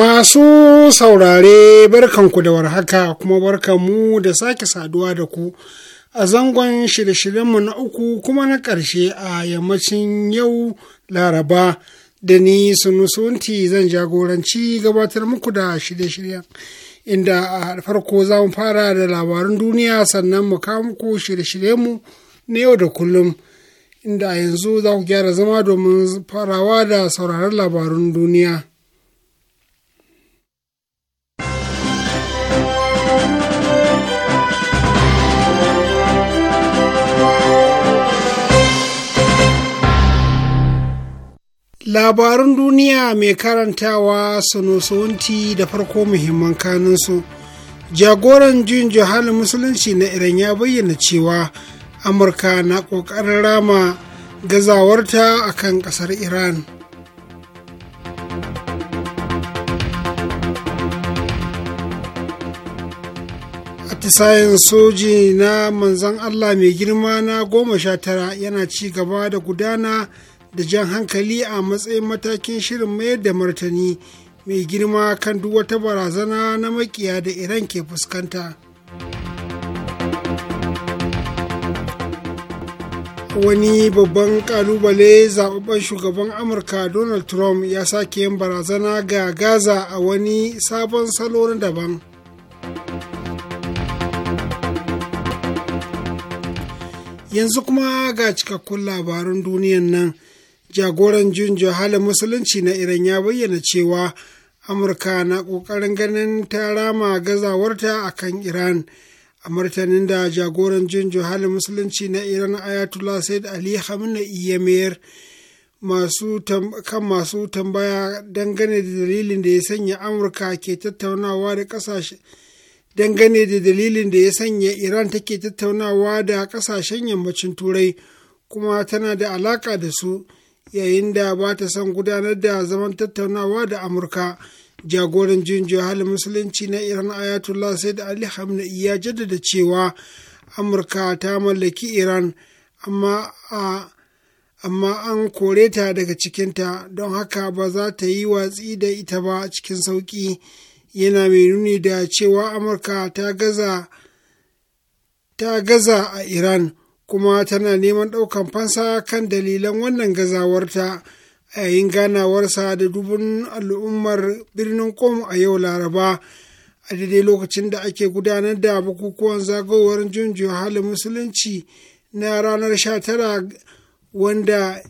Masu saurare barkanku da warhaka kuma barkanmu da sake saduwa da ku a zangon shirye-shiryenmu na uku kuma na ƙarshe a yammacin yau Laraba da ni sunusunti zan jagoranci gabatar muku da shirye-shiryen inda a farko za mu fara da labarin duniya sannan mu kawo muku shirye-shiryenmu na yau da kullum inda a yanzu za ku gyara zama domin farawa da sauraron labarun duniya. labarun duniya mai karantawa sanusuwanti da farko muhimman kanunsu jagoran jin jihalin musulunci na iran ya bayyana cewa amurka na ƙoƙarin rama gazawarta a kan ƙasar iran atisayen soji na manzan allah mai girma na goma sha tara yana ci gaba da gudana da jan hankali a matsayin matakin shirin mayar da martani mai girma kan duk wata barazana na makiya da iran ke fuskanta wani babban kalubale zaɓaɓɓen shugaban amurka donald trump ya sake yin barazana ga gaza a wani sabon salo na daban yanzu kuma ga cikakkun labarun duniyan nan jagoran junjo halin musulunci na iran ya bayyana cewa amurka na kokarin ganin ta rama gazawarta a kan iran a martanin da jagoran junjo halin musulunci na iran ayatollah said ali hamna iyamir kan masu tambaya dangane da dalilin da ya sanya amurka ke tattaunawa da kasashe dangane da dalilin da ya sanya iran take tattaunawa da ƙasashen yammacin turai kuma tana da alaƙa da su yayin da ba ta son gudanar da zaman tattaunawa da amurka jagoran jinjo hali musulunci na iran ayatollah said ali hamna'i ya jaddada cewa amurka ta mallaki iran amma an kore ta daga cikinta don haka ba za ta yi watsi da ita ba cikin sauki yana mai nuni da cewa amurka ta gaza ta gaza a iran kuma tana neman ɗaukan fansa kan dalilan wannan gazawarta a yayin ganawarsa da dubun al'ummar birnin kom a yau laraba a daidai lokacin da ake gudanar da bukukuwan zagayowar junjiyo halin musulunci na ranar 19 wanda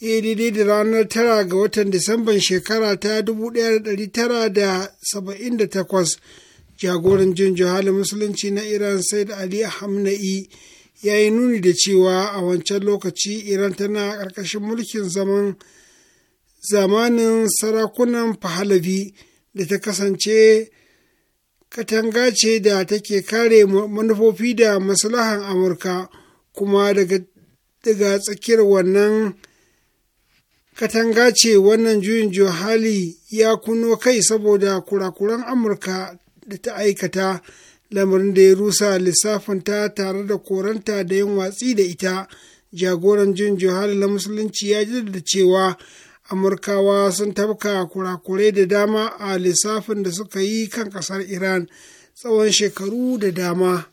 ya daidai da ranar tara ga watan disamban shekara ta 1978 jagoran junjiyo halin musulunci na iran said ali hamna'i ya yi nuni da cewa a wancan lokaci iran tana ƙarƙashin mulkin zaman zamanin sarakunan fahalabi da ta kasance katanga ce da take kare manufofi da maslahan amurka kuma daga, daga tsakiyar wannan katanga ce wannan juyin johali ya kuno kai saboda kurakuran amurka da ta aikata lamarin da ya rusa lissafin ta tare da koranta da yin watsi da ita jagoran jin johal na musulunci ya jaddada cewa amurkawa sun tabka kurakurai da dama a lissafin da suka yi kan kasar iran tsawon shekaru da dama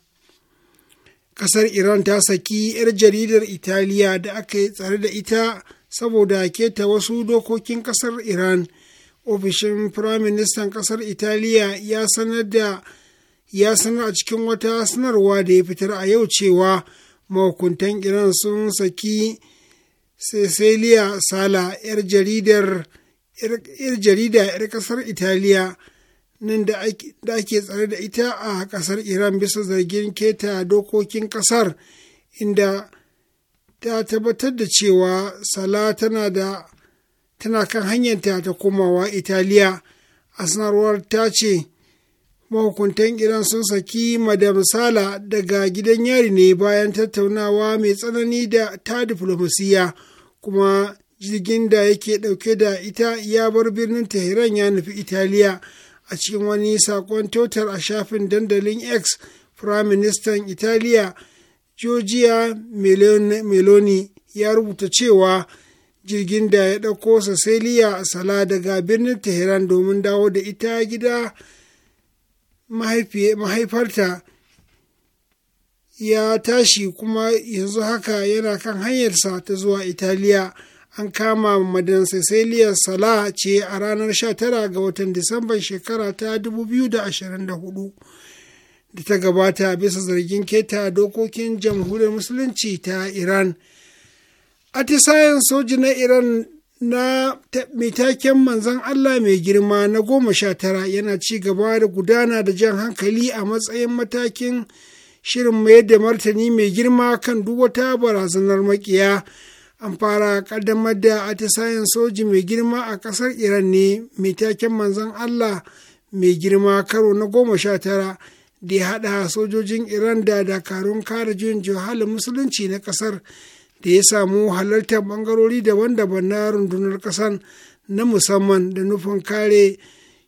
kasar iran ta saki 'yar jaridar italiya da aka yi tsare da ita saboda keta wasu dokokin kasar iran ofishin firaministan kasar italiya ya sanar da ya sanar a cikin wata sanarwa da ya fitar a yau cewa mahukuntan iran sun saki cecilia sala yar jaridar yar jarida yar kasar italiya nan da ake tsare da ita a kasar iran bisa zargin keta dokokin kasar inda ta tabbatar da cewa sala tana da tana kan hanyar ta komawa italiya a sanarwar ta ce mahukuntan iran sun saki madam sala daga gidan yari ne bayan tattaunawa mai tsanani da ta diflomasiya kuma jirgin da yake dauke da ita ya bar birnin tehran ya nufi italiya a cikin wani sakon totar a shafin dandalin x prime minister italiya georgia meloni ya rubuta cewa jirgin da ya ɗauko cecilia sala daga birnin tehran domin dawo da ita gida mahaifarta ya tashi kuma yanzu haka yana kan hanyarsa ta zuwa italiya an kama madan cecilia salah ce a ranar 19 ga watan disamban shekara ta 2024 da ta gabata bisa zargin keta dokokin jamhuriyar musulunci ta iran atisayen soji na iran na mitaken manzan Allah mai girma na goma sha tara yana ci gaba da gudana da jan hankali a matsayin matakin shirin mayar da martani mai girma kan duk wata barazanar makiya an fara kaddamar da atisayen soji mai girma a kasar iran ne mai taken manzan Allah mai girma karo na goma sha tara da ya haɗa sojojin iran da dakarun kare juyin juhalin musulunci na kasar. da ya samu halartar bangarori daban-daban na rundunar kasan na musamman da nufin kare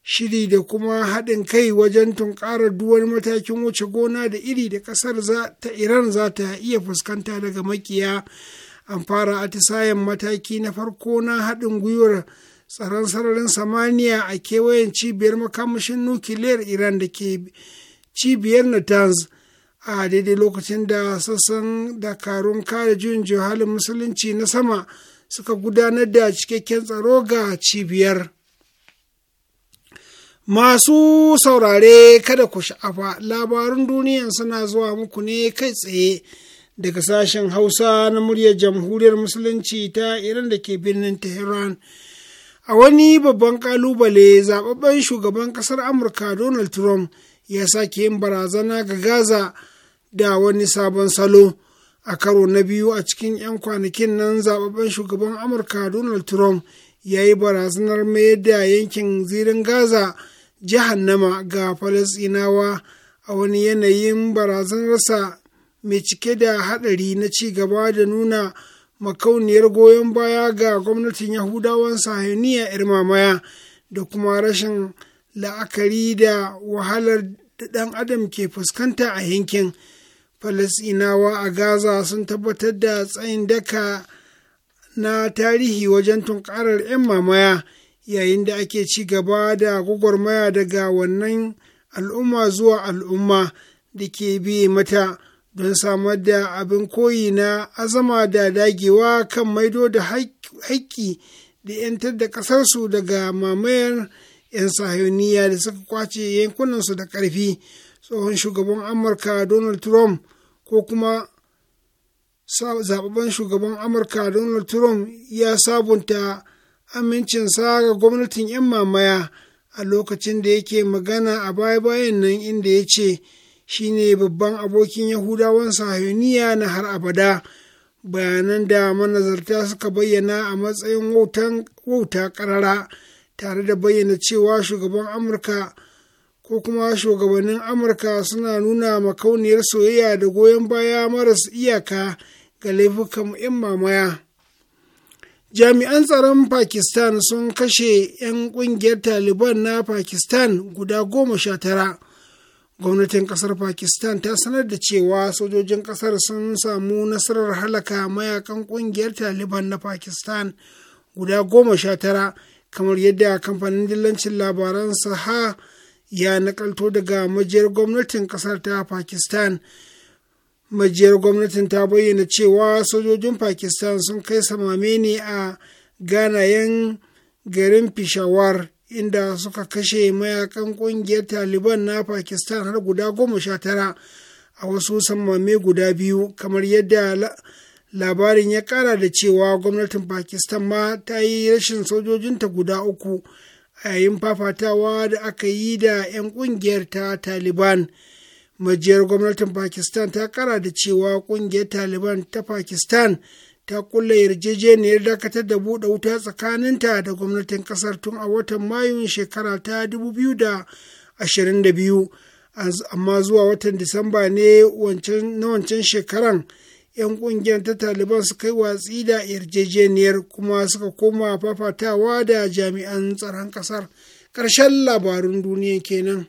shiri da kuma haɗin kai wajen tunƙarar duwar matakin wuce gona da iri da ƙasar ta iran za ta iya fuskanta daga makiya an fara atisayen mataki na farko na haɗin gwiwar tsaron sararin samaniya a kewayen cibiyar makamashin nukiliyar iran da ke cibiyar natanz a daidai lokacin da sassan dakarun kare juyin halin musulunci na sama suka gudanar da cikakken tsaro ga cibiyar masu saurare kada ku sha'afa labarun duniyan suna zuwa muku ne kai tsaye daga sashen hausa na muryar jamhuriyar musulunci ta iran da ke birnin tehran a wani babban kalubale zababben shugaban kasar amurka donald trump ya sake yin barazana ga gaza da wani sabon salo a karo na biyu a cikin 'yan kwanakin nan zababben shugaban amurka donald trump ya yi barazanar mayar da yankin zirin gaza jahannama ga falasinawa a wani yanayin barazanarsa mai cike da haɗari na ci gaba da nuna makauniyar goyon baya ga gwamnatin yahudawan sahiniya yar da kuma rashin la'akari da wahalar da ɗan adam ke fuskanta a yankin. falasinawa a gaza sun tabbatar da tsayin daka na tarihi wajen tunkarar 'yan mamaya yayin da ake ci gaba da gwagwarmaya daga wannan al'umma zuwa al'umma da ke bi mata don samar da abin koyi na azama da dagewa kan maido da haƙƙi da 'yantar da ƙasarsu daga mamayar 'yan sahiyoniya da suka kwace yankunansu da ƙarfi tsohon shugaban amurka donald trump ko kuma zababben shugaban amurka donald trump ya sabunta amincinsa ga gwamnatin 'yan mamaya a lokacin da yake magana a baya-bayan nan inda ya ce shi ne babban abokin yahudawan sahiyoniya na har abada bayanan da manazarta suka bayyana a matsayin wauta karara tare da bayyana cewa shugaban amurka ko kuma shugabannin amurka suna nuna makauniyar soyayya da goyon baya maras iyaka ga laifukan 'yan mamaya jami'an tsaron pakistan sun kashe 'yan kungiyar taliban na pakistan guda goma sha tara gwamnatin kasar pakistan ta sanar da cewa sojojin kasar sun samu nasarar halaka mayakan kungiyar taliban na pakistan guda goma sha tara kamar yadda kamfanin dillancin labaran saha ya nakalto daga majiyar gwamnatin kasar ta pakistan majiyar gwamnatin ta bayyana cewa sojojin pakistan sun kai samame ne a ganayen garin peshawar inda suka kashe mayakan kungiyar taliban na pakistan har guda goma sha tara a wasu samame guda biyu kamar yadda labarin ya kara da cewa gwamnatin pakistan ma ta yi rashin sojojinta guda uku a yayin fafatawa da aka yi da 'yan ƙungiyar ta taliban majiyar gwamnatin pakistan ta kara da cewa ƙungiyar taliban ta pakistan ta kulle yarjejeniyar dakatar da buɗe wuta tsakaninta da gwamnatin ƙasar tun a watan mayun shekara ta 2022 amma zuwa watan disamba ne na wancan shekaran 'yan kungiyar ta taliban su kai watsi da yarjejeniyar kuma suka koma fafatawa da jami'an tsaron kasar ƙarshen labarun duniya kenan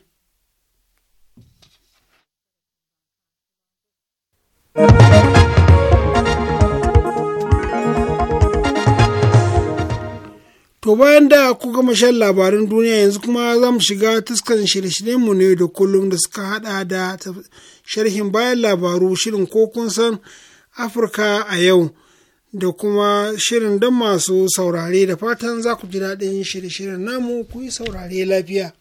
To bayan da ku gama shan labarin duniya yanzu kuma za mu shiga tuskan shirye-shiryenmu ne da kullum da suka hada da sharhin bayan labaru shirin ko kun san Afirka a yau da kuma shirin don masu saurare da fatan za ku ji daɗin shirye-shiryen namu ku yi saurare lafiya.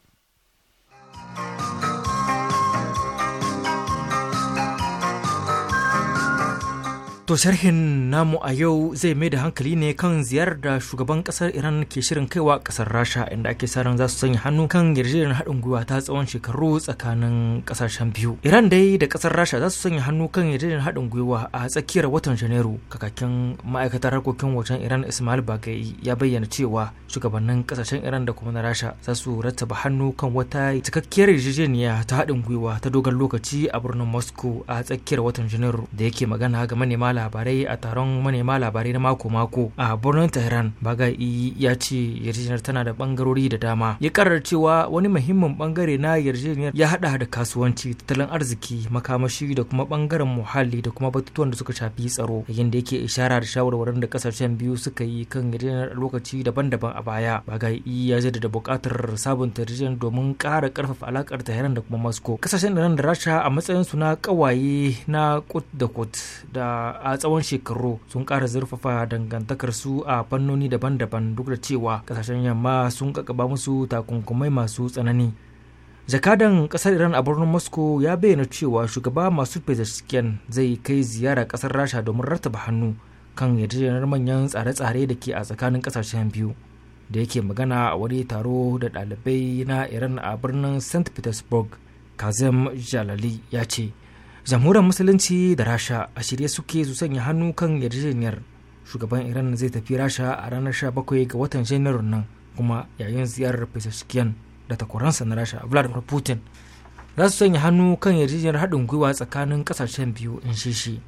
To sharhin namu a yau zai mai da hankali ne kan ziyarar da shugaban kasar Iran ke shirin kaiwa kasar Rasha inda ake sa ran za su sanya hannu kan yarjejeniyar haɗin gwiwa ta tsawon shekaru tsakanin kasashen biyu. Iran dai da kasar Rasha za su sanya hannu kan yarjejeniyar haɗin gwiwa a tsakiyar watan Janairu. Kakakin ma'aikatar harkokin wajen Iran Ismail Bagai ya bayyana cewa shugabannin kasashen Iran da kuma na Rasha za su rattaba hannu kan wata cikakkiyar yarjejeniya ta haɗin gwiwa ta dogon lokaci a birnin Moscow a tsakiyar watan Janairu da yake magana ga manema labarai a taron manema labarai na mako-mako a birnin tehran bagai ya ce yarjejeniyar tana da bangarori da dama ya karar cewa wani muhimmin bangare na yarjejeniyar ya hada da kasuwanci tattalin arziki makamashi da kuma bangaren muhalli da kuma batutuwan da suka shafi tsaro yayin da yake ishara da shawarwarin da kasashen biyu suka yi kan yarjejeniyar lokaci daban-daban a baya bagai ya da bukatar sabunta yarjejeniyar domin kara karfafa alakar tehran da kuma moscow kasashen da nan da rasha a matsayin su na ƙawaye na kut da kut da a tsawon shekaru sun ƙara zurfafa dangantakar su a fannoni daban-daban duk da cewa kasashen yamma sun kakaba musu takunkumai masu tsanani jakadan kasar iran a birnin moscow ya bayyana cewa shugaba masu pezeshkian zai kai ziyara kasar rasha domin rattaba hannu kan yarjejeniyar manyan tsare-tsare da ke a tsakanin kasashen biyu da yake magana a wani taro da ɗalibai na iran a birnin st petersburg kazem jalali ya ce jamhuriyar musulunci da rasha a shirye suke su sanya hannu kan yarjejeniyar shugaban iran zai tafi rasha a ranar 17 ga watan janairu nan kuma yayin ziyarar pezeshkian da takwaransa na rasha vladimir putin za su sanya hannu kan yarjejeniyar haɗin gwiwa tsakanin ƙasashen biyu in shishi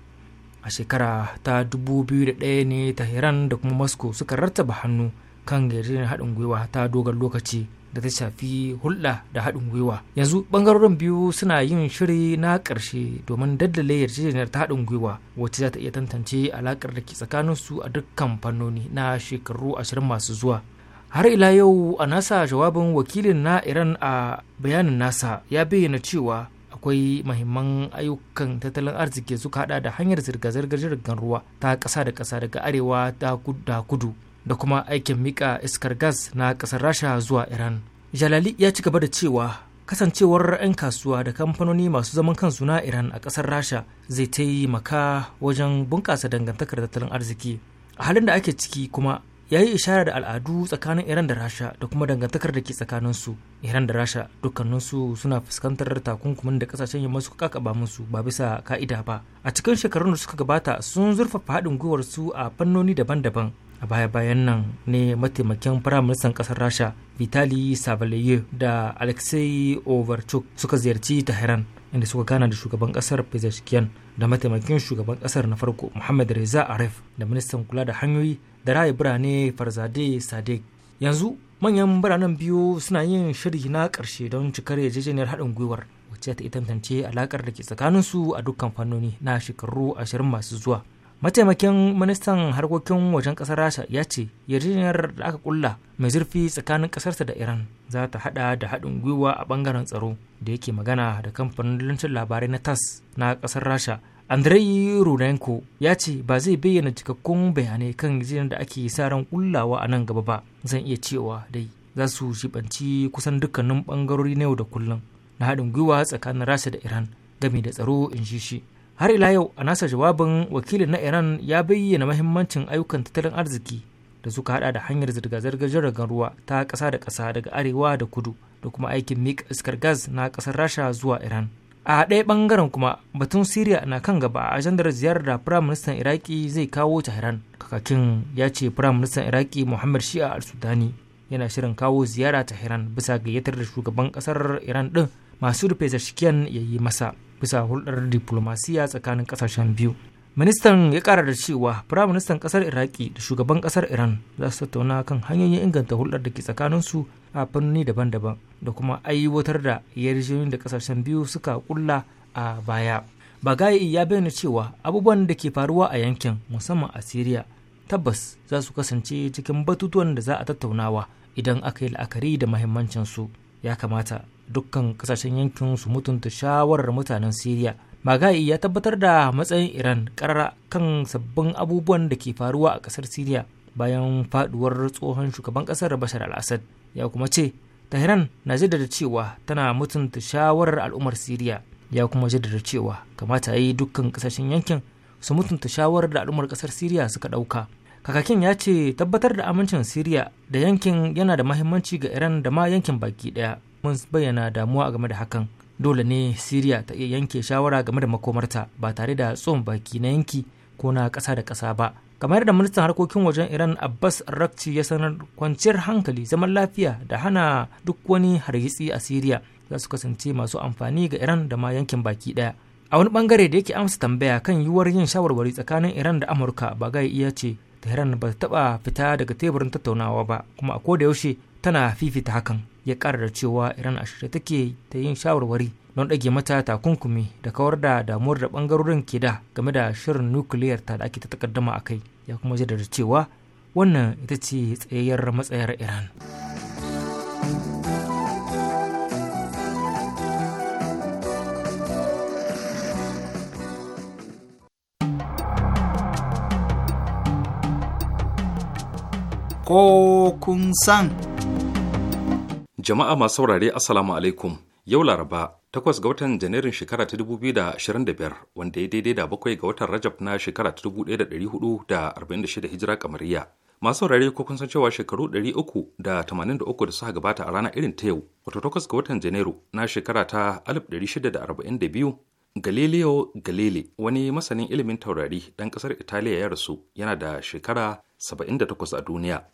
a shekara ta 2001 ne tahiran da kuma moscow suka rattaba hannu kan yarjejeniyar haɗin gwiwa ta dogon lokaci da ta shafi hulɗa da haɗin gwiwa yanzu ɓangarorin biyu suna yin shiri na ƙarshe domin daddale yarjejeniyar ta haɗin gwiwa wacce za ta iya tantance alaƙar da ke su a dukkan fannoni na shekaru ashirin masu zuwa har ila yau a nasa jawabin wakilin na iran a bayanin nasa ya bayyana cewa akwai mahimman ayyukan tattalin arziki suka hada da hanyar zirga-zirgar jirgin ruwa ta ƙasa da ƙasa daga arewa da kudu da kuma aikin mika iskar gas na kasar rasha zuwa iran jalali ya ci gaba da cewa kasancewar 'yan kasuwa da kamfanoni masu zaman kansu na iran a kasar rasha zai maka wajen bunƙasa dangantakar tattalin arziki a halin da ake ciki kuma ya yi ishara da al'adu tsakanin iran da rasha da kuma dangantakar da ke tsakaninsu iran da rasha dukkaninsu suna fuskantar takunkumin da kasashen yamma suka kakaba musu ba bisa ka'ida ba a cikin shekarun da suka gabata sun zurfafa haɗin gwiwar su a fannoni daban-daban a baya-bayan nan ne mataimakin firaministan kasar rasha vitali savaliyev da alexei overchuk suka ziyarci Tahiran, inda suka gana da shugaban kasar pezeshkian da mataimakin shugaban kasar na farko muhammad reza aref da ministan kula da hanyoyi da rai birane farzade Sadik. yanzu manyan biranen biyu suna yin shiri na karshe don cikar yarjejeniyar haɗin gwiwar wacce ta tantance alakar da ke tsakaninsu a dukkan fannoni na shekaru ashirin masu zuwa mataimakin ministan harkokin wajen kasar rasha ya ce yarjejeniyar da aka kulla mai zurfi tsakanin kasarsa da iran za ta hada da haɗin gwiwa a ɓangaren tsaro da yake magana da kamfanin lancin labarai na tas na kasar rasha andrei rudenko ya ce ba zai bayyana cikakkun bayanai kan yarjejeniyar da ake sa ran kullawa a nan gaba ba zan iya cewa dai za su shibanci kusan dukkanin bangarori na yau da kullum na haɗin gwiwa tsakanin rasha da iran game da tsaro in shi shi har ila yau a nasa jawabin wakilin na iran ya bayyana mahimmancin ayyukan tattalin arziki da suka hada da hanyar zirga-zirgar jiragen ruwa ta kasa da kasa daga arewa da kudu da kuma aikin mik iskar gas na kasar rasha zuwa iran a ɗaya ɓangaren kuma batun siriya na kan gaba a ajandar ziyarar da firaministan iraki zai kawo tehran kakakin ya ce firaministan iraki muhammad shi'a al-sudani yana shirin kawo ziyara tehran bisa gayyatar da shugaban kasar iran din masu rufe zashikiyan ya yi masa bisa hulɗar diplomasiya tsakanin ƙasashen biyu ministan ya ƙara da cewa firaministan ƙasar iraki da shugaban ƙasar iran za su tattauna kan hanyoyin inganta hulɗar da ke tsakaninsu a fannoni daban-daban da kuma aiwatar da yarjejeniyoyin da ƙasashen biyu suka kulla a baya bagayi ya bayyana cewa abubuwan da ke faruwa a yankin musamman a siriya tabbas za su kasance cikin batutuwan da za a tattaunawa idan aka yi la'akari da mahimmancinsu ya kamata dukkan kasashen yankin su mutunta shawarar mutanen siriya magai ya tabbatar da matsayin iran karara kan sabbin abubuwan da ke faruwa a kasar siriya bayan faduwar tsohon shugaban kasar bashar al-assad ya kuma ce tahiran na jaddada cewa tana mutunta shawarar al'ummar siriya ya kuma jaddada cewa kamata yi dukkan kasashen yankin su mutunta shawarar da al'ummar kasar siriya suka ɗauka kakakin ya ce tabbatar da amincin siriya da yankin yana da mahimmanci ga iran da ma yankin baki ɗaya mun bayyana damuwa game da hakan dole ne siriya ta iya yanke shawara game da makomarta ba tare da tsohon baki na yanki ko na ƙasa da kasa ba kamar da ministan harkokin wajen iran abbas rakci ya sanar kwanciyar hankali zaman lafiya da hana duk wani hargitsi a siriya za su kasance masu amfani ga iran da ma yankin baki daya a wani bangare da yake amsa tambaya kan yiwuwar yin shawarwari tsakanin iran da amurka ba ga iya ce tehran ba ta taba fita daga teburin tattaunawa ba kuma a koda yaushe tana fifita hakan ya kara da cewa iran a take ta yin shawarwari don ɗage mata takunkumi da kawar da damuwar da ɓangarorin ke da game da shirin nukiliyar ta da ake ta takaddama a kai ya kuma jaddada cewa wannan ita ce tsayayyar matsayar iran ko kun san Jama'a masu saurare Assalamu alaikum. Yau Laraba, takwas ga watan Janairun shekara ta 2025 wanda ya daidai da bakwai ga watan Rajab na shekara ta 1446 Hijira kamariya. Masu saurare ko kun san cewa shekaru 383 da suka gabata a ranar irin ta yau, wato takwas ga watan Janairu na shekara ta 1642 Galileo galile wani masanin ilimin taurari ɗan ƙasar Italiya ya rasu yana da shekara saba'in 78 a duniya.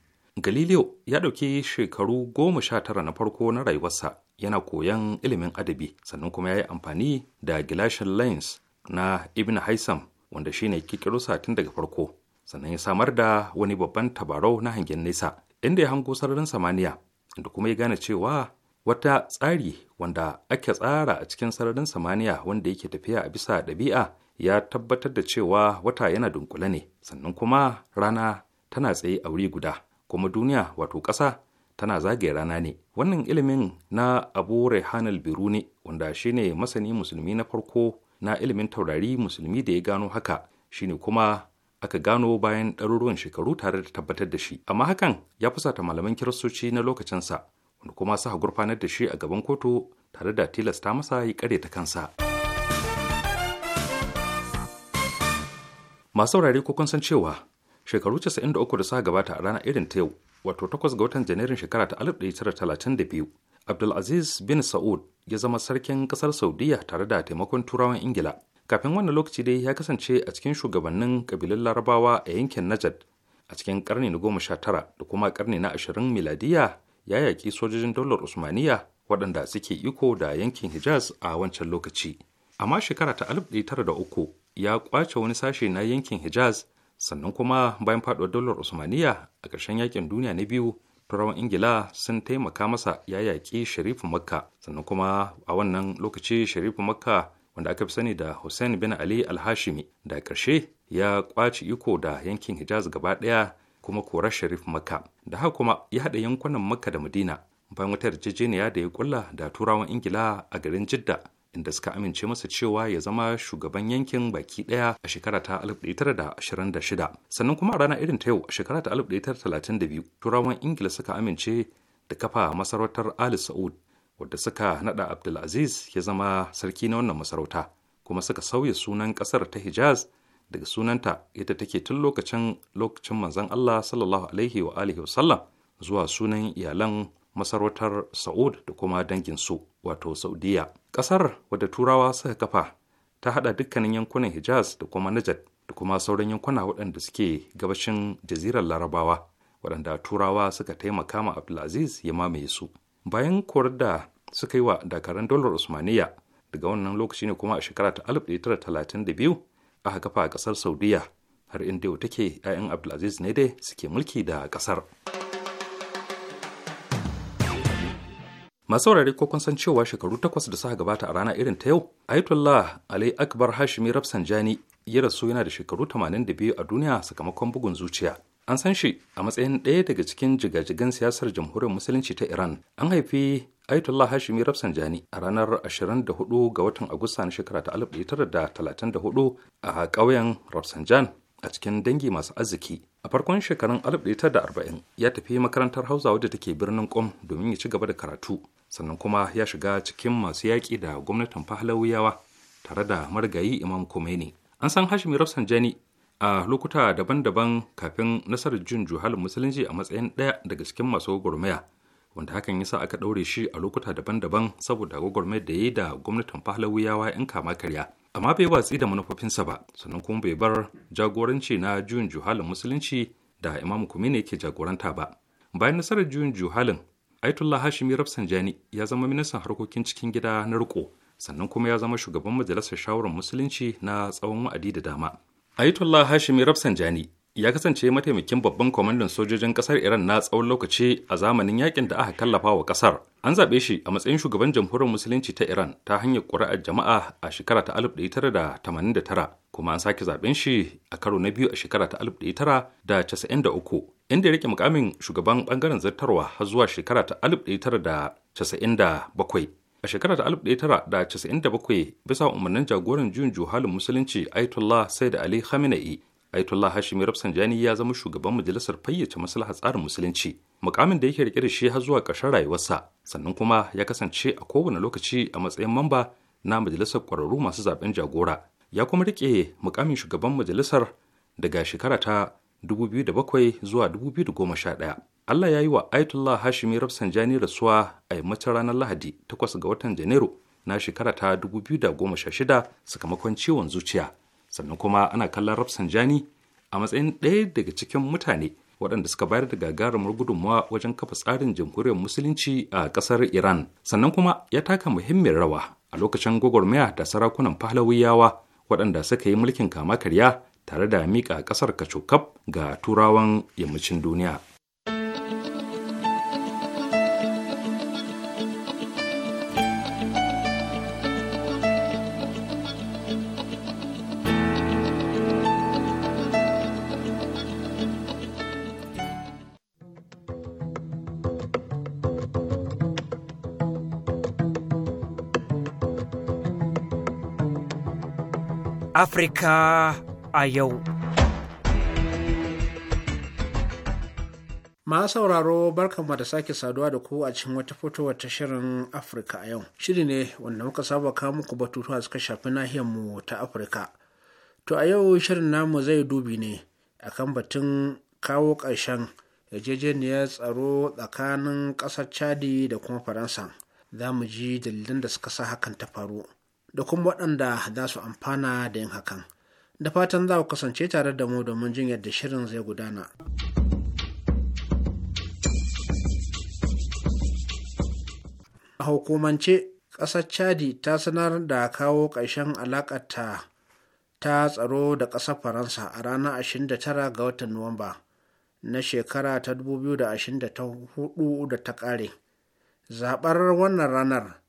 Galileo ya ɗauki shekaru goma sha tara na farko na rayuwarsa yana koyon ilimin adabi sannan kuma ya yi amfani da gilashin lens na Ibn Haisam wanda shine kikiro tun daga farko sannan ya samar da wani babban tabarau na hangen nesa inda ya hango sararin samaniya da kuma ya gane cewa wata tsari wanda ake tsara a cikin sararin samaniya wanda yake tafiya a bisa ɗabi'a ya tabbatar da cewa wata yana dunkule ne sannan kuma rana tana tsaye a wuri guda kuma duniya wato ƙasa tana zagaye rana ne wannan ilimin na abu raihanal ne wanda shine masani musulmi na farko na ilimin taurari musulmi da ya gano haka shine kuma aka gano bayan ɗaruruwan shekaru tare da tabbatar da shi amma hakan ya fusata malaman kiristoci na lokacinsa wanda kuma sa gurfanar da shi a gaban kotu tare da tilasta masa ya kare ta kansa masu saurari ko kun san cewa shekaru 93 da suka gabata a rana irin ta yau wato 8 ga watan janairun shekara ta 1932 abdulaziz bin sa'ud ya zama sarkin kasar saudiya tare da taimakon turawan ingila kafin wannan lokaci dai ya kasance a cikin shugabannin kabilun larabawa a yankin najad a cikin karni na goma sha tara da kuma karni na ashirin miladiya ya yaƙi sojojin daular usmaniya waɗanda suke iko da yankin hijaz a wancan lokaci amma shekara ta alif uku ya kwace wani sashe na yankin hijaz sannan kuma bayan faduwar dalar usmaniya a ƙarshen yakin duniya na biyu turawan ingila sun taimaka masa ya yaƙi sharifu makka sannan kuma a wannan lokaci sharifu makka wanda aka fi sani da hussein bin ali alhashimi da ƙarshe ya ƙwaci iko da yankin hijaz gaba ɗaya kuma korar sharif makka da haka kuma ya haɗa yankunan makka da madina bayan wata yarjejeniya da ya kulla da turawan ingila a garin jidda inda suka amince masa cewa ya zama shugaban yankin baki daya a shekara ta 1926 sannan kuma a rana irin ta yau a shekara ta 1932 turawan ingila suka amince da kafa masarautar ali sa'ud wadda suka nada abdulaziz ya zama sarki na wannan masarauta kuma suka sauya sunan kasar ta hijaz daga sunanta ita take tun lokacin lokacin manzon allah sallallahu zuwa sunan iyalan masarautar Sa'ud da kuma dangin su wato Saudiya. Ƙasar wadda Turawa suka kafa ta haɗa dukkanin yankunan Hijaz da kuma Najat da kuma sauran yankuna waɗanda suke gabashin jazirar Larabawa waɗanda Turawa suka taimaka ma Abdulaziz ya mamaye su. Bayan korar da suka yi wa dakarun dolar Usmaniya daga wannan lokaci ne kuma a shekara ta 1932 aka kafa a ƙasar Saudiya har inda take 'ya'yan Abdulaziz ne dai suke mulki da ƙasar. masu saurare ko kun san cewa shekaru takwas da suka gabata a rana irin ta yau ayatollah ali akbar hashimi rafsanjani ya rasu yana da shekaru 82 a duniya sakamakon bugun zuciya an san shi a matsayin ɗaya daga cikin jigajigan siyasar jamhuriyar musulunci ta iran an haifi ayatollah hashimi rafsanjani a ranar 24 ga watan agusta na shekara ta 1934 a ƙauyen rafsanjan a cikin dangi masu arziki a farkon shekarun 1940 ya tafi makarantar hausa wadda take birnin kom domin ya ci gaba da karatu sannan kuma ya shiga cikin masu yaƙi da gwamnatin fahlawiyawa tare da marigayi imam Khomeini. An san Hashimi Rafsanjani a lokuta daban-daban kafin nasarar jin juhalin musulunci a matsayin ɗaya daga cikin masu gwagwarmaya wanda hakan ya sa aka ɗaure shi a lokuta daban-daban saboda gwagwarmayar da ya yi da gwamnatin fahlawiyawa 'yan kama karya. Amma bai watsi da manufofinsa ba, sannan kuma bai bar jagoranci na juyin juhalin musulunci da Imam Khomeini ke jagoranta ba. Bayan nasarar juyin juhalin Aitullah Hashimi Rafsanjani ya zama ministan harkokin cikin gida na riko sannan kuma ya zama shugaban majalisar shawarar musulunci na tsawon wa'adi da dama. Aitullah Hashimi Rafsanjani ya kasance mataimakin babban kwamandan sojojin kasar Iran na tsawon lokaci a zamanin yakin da aka kallafa wa kasar. An zaɓe shi a matsayin shugaban jamhuriyar musulunci ta Iran ta hanyar ƙuri'ar jama'a a shekara ta 1989 kuma an sake zaɓen shi a karo na biyu a shekara ta 1993 inda ya rike mukamin shugaban bangaren zartarwa har zuwa shekara ta 1997. A shekarar 1997 bisa umarnin jagoran juyin juhalin musulunci Aitullah sayyid Ali Khamenei Aitullah Hashimi Rafsanjani ya zama shugaban majalisar fayyace maslahar tsarin musulunci, mukamin da yake rike da shi har zuwa ƙarshen rayuwarsa, sannan kuma ya kasance a kowane lokaci a matsayin mamba na majalisar ƙwararru masu zaben jagora. Ya kuma rike mukamin shugaban majalisar daga shekara ta 2007 zuwa 2011. Allah ya yi wa Aitullah Hashimi Rafsanjani rasuwa a yammacin ranar Lahadi 8 ga watan Janairu na shekara ta 2016 sakamakon ciwon zuciya. sannan kuma ana kallon rafsan jani a matsayin ɗaya daga cikin mutane waɗanda suka bayar da gagarumar gudunmawa wajen kafa tsarin jamhuriyar musulunci a ƙasar iran sannan kuma ya taka muhimmin rawa a lokacin gwagwarmaya da sarakunan fahlawiyawa waɗanda suka yi mulkin kama karya tare da miƙa ƙasar kacokaf ga turawan yammacin duniya Afrika a yau. Ma sauraro barkanmu da sake saduwa da ku a cikin wata fitowar ta shirin Afirka a yau. Shiri ne wanda muka saba kawo muku batutuwa suka shafi nahiyar mu ta Afirka. To a yau shirin namu zai dubi ne akan batun kawo ƙarshen yarjejeniyar tsaro tsakanin ƙasar Chadi da kuma Faransa. Za mu ji dalilan da suka sa hakan ta faru. da kuma waɗanda za su amfana da yin hakan da fatan za ku kasance tare da mu domin jin yadda shirin zai gudana. a hukumance ƙasar chadi ta sanar da kawo ƙarshen alaƙarta ta tsaro da ƙasar faransa a ranar 29 ga watan nuwamba na shekara ta 2024 da ta ƙare zaɓar wannan ranar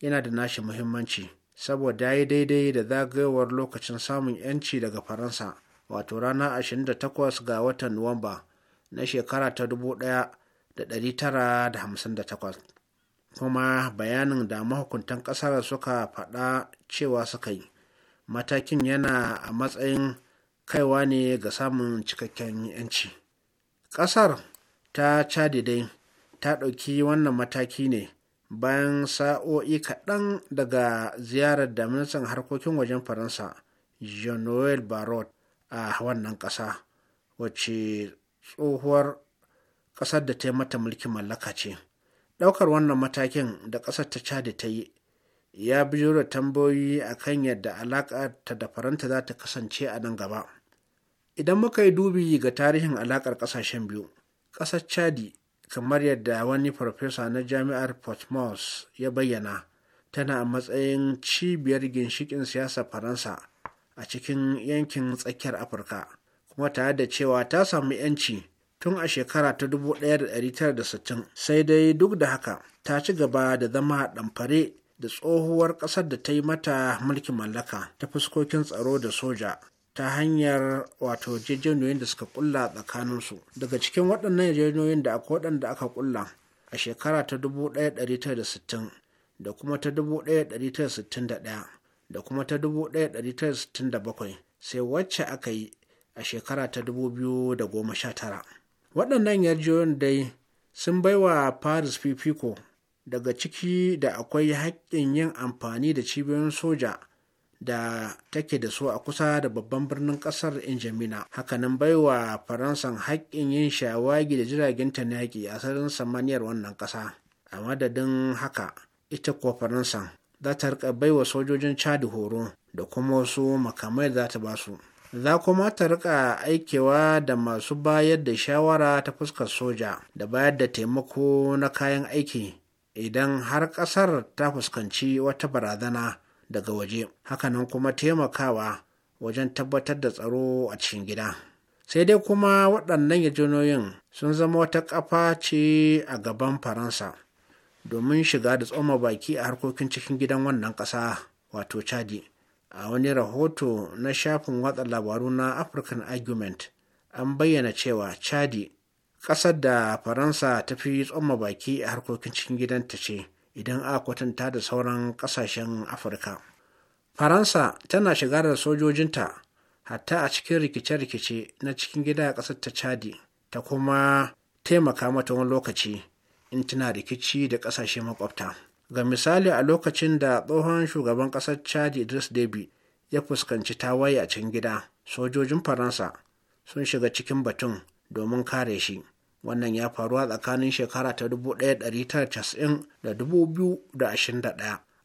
yana da nashi muhimmanci saboda ya yi daidai da zagayowar lokacin samun 'yanci daga faransa wato rana 28 ga watan nuwamba na shekara ta 1958 kuma bayanin da mahukuntan ƙasar suka faɗa cewa suka yi matakin yana a matsayin kaiwa ne ga samun cikakken 'yanci ƙasar ta dai ta ɗauki wannan mataki ne bayan sa'o'i kaɗan daga ziyarar da ministan harkokin wajen faransa jean-noel barot a wannan ƙasa wacce tsohuwar ƙasar da ta yi mata mulkin mallaka ce ɗaukar wannan matakin da ƙasar ta cadi ta yi ya biyo da tambayoyi a kan yadda alaƙa ta da faranta za ta kasance a nan gaba idan muka yi dubi ga tarihin alaƙar ƙasashen biyu ƙasar chadi kamar yadda wani farfesa na jami'ar portsmouth ya bayyana tana a matsayin cibiyar ginshikin siyasar faransa a cikin yankin tsakiyar afirka kuma tare da cewa ta samu 'yanci tun a shekara ta 1960 sai dai duk da haka ta ci gaba da zama ɗamfare da tsohuwar ƙasar da ta yi mata mulkin mallaka ta fuskokin tsaro da soja ta hanyar wato jejjenoyin da suka kulla su. daga cikin waɗannan jejjenoyin da akwai waɗanda aka kulla a shekara ta 1960 da kuma ta 1961 da kuma ta 1967 sai wacce aka yi a shekara ta 2019 waɗannan yarjejeniyoyin dai sun baiwa paris fifiko daga ciki da akwai haƙƙin yin amfani da cibiyoyin soja da take da su a kusa da babban birnin kasar injamina hakanan baiwa faransan haƙƙin yin shawagi da jiragen ta yaƙi a sararin samaniyar wannan ƙasa a madadin haka ita ko faransan za ta rika baiwa sojojin chad horo da kuma wasu makamai za ta basu za kuma ta rika aikewa da masu bayar da shawara ta fuskar soja da bayar da taimako na kayan aiki idan har ƙasar ta fuskanci wata barazana daga waje hakanan kuma taimakawa wajen tabbatar da tsaro a cikin gida sai dai kuma waɗannan yajinoyin sun zama wata ƙafa ce a gaban faransa domin shiga da tsoma baki a harkokin cikin gidan wannan ƙasa wato chadi a wani rahoto na shafin watsa labaru na african argument an bayyana cewa chadi ƙasar da faransa ta fi tsoma baki a harkokin cikin gidanta ce idan a kwatanta da sauran ƙasashen afirka faransa tana shiga da sojojinta hatta a cikin rikice-rikice na cikin gida a ƙasar ta chadi ta kuma taimaka mata wani lokaci in tana rikici da ƙasashe makwabta ga misali a lokacin da tsohon shugaban ƙasar chadi idris deby ya fuskanci tawaye a cikin gida sojojin faransa sun shiga cikin batun domin kare shi wannan ya faru a tsakanin shekara ta 1990 da 2021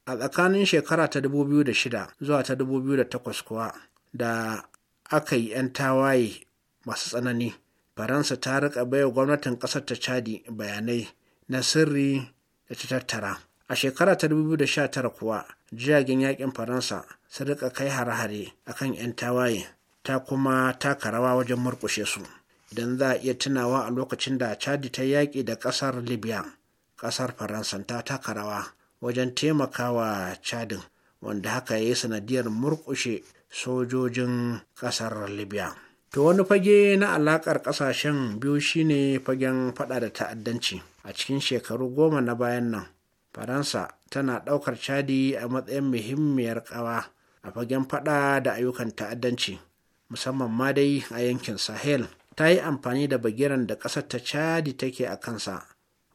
a tsakanin shekara ta 2006 zuwa ta 2008 kuwa da aka yi 'yan tawaye masu tsanani faransa ta rika baiwa gwamnatin ƙasar ta chadi bayanai na sirri da ta tattara a shekara ta 2019 kuwa jiragen yakin faransa sun rika kai hare-hare akan 'yan tawaye ta kuma taka rawa wajen murkushe su idan za a iya tunawa a lokacin da chadi ta yaƙi da ƙasar libya ƙasar faransa ta taka rawa wajen taimakawa chadin wanda haka ya yi sanadiyar murƙushe sojojin ƙasar libya to wani fage na alaƙar ƙasashen biyu shine fagen faɗa da ta'addanci a cikin shekaru goma na bayan nan faransa tana ɗaukar chadi a matsayin muhimmiyar ƙawa a fagen faɗa da ayyukan ta'addanci musamman ma dai a yankin sahel ta yi amfani da bagiran da ƙasar ta chadi take a kansa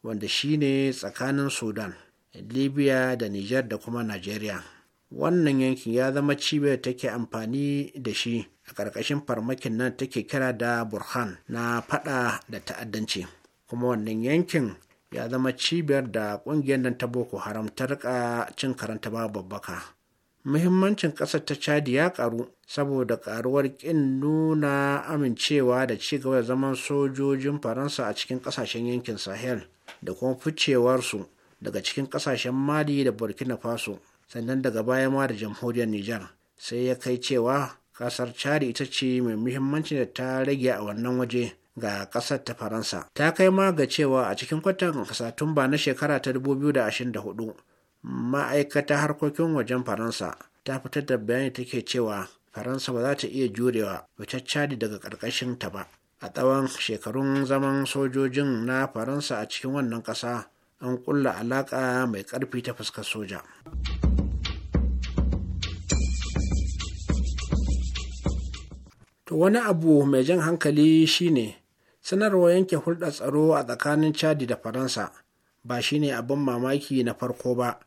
wanda shi ne tsakanin sudan libya da niger da kuma nigeria wannan yankin ya zama cibiyar take amfani da shi a ƙarƙashin farmakin nan take kira da burhan na fada da ta'addanci kuma wannan yankin ya zama cibiyar da ƙungiyar nan ta boko haram ta rika cin karanta babbaka muhimmancin ƙasar ta chadi ya ƙaru saboda ƙaruwar ƙin nuna amincewa da ci gaba da zaman sojojin faransa a cikin ƙasashen yankin sahel da kuma ficewarsu daga cikin ƙasashen mali da burkina faso sannan daga baya ma da jamhuriyar nijar sai ya kai cewa ƙasar chadi ita ce mai muhimmancin da ta rage a wannan waje ga ƙasar ta faransa ta kai ma ga cewa a cikin kwatan satumba na shekara ta 2024 ma'aikata harkokin wajen faransa ta fitar da bayani take cewa faransa ba za ta iya jurewa cadi daga ƙarƙashin ta ba a tsawon shekarun zaman sojojin na faransa a cikin wannan ƙasa an ƙulla alaƙa mai ƙarfi ta fuskar soja. To wani abu mai jan hankali shine sanarwa yanke hulɗar tsaro a tsakanin Chadi da Faransa ba shine abin mamaki na farko ba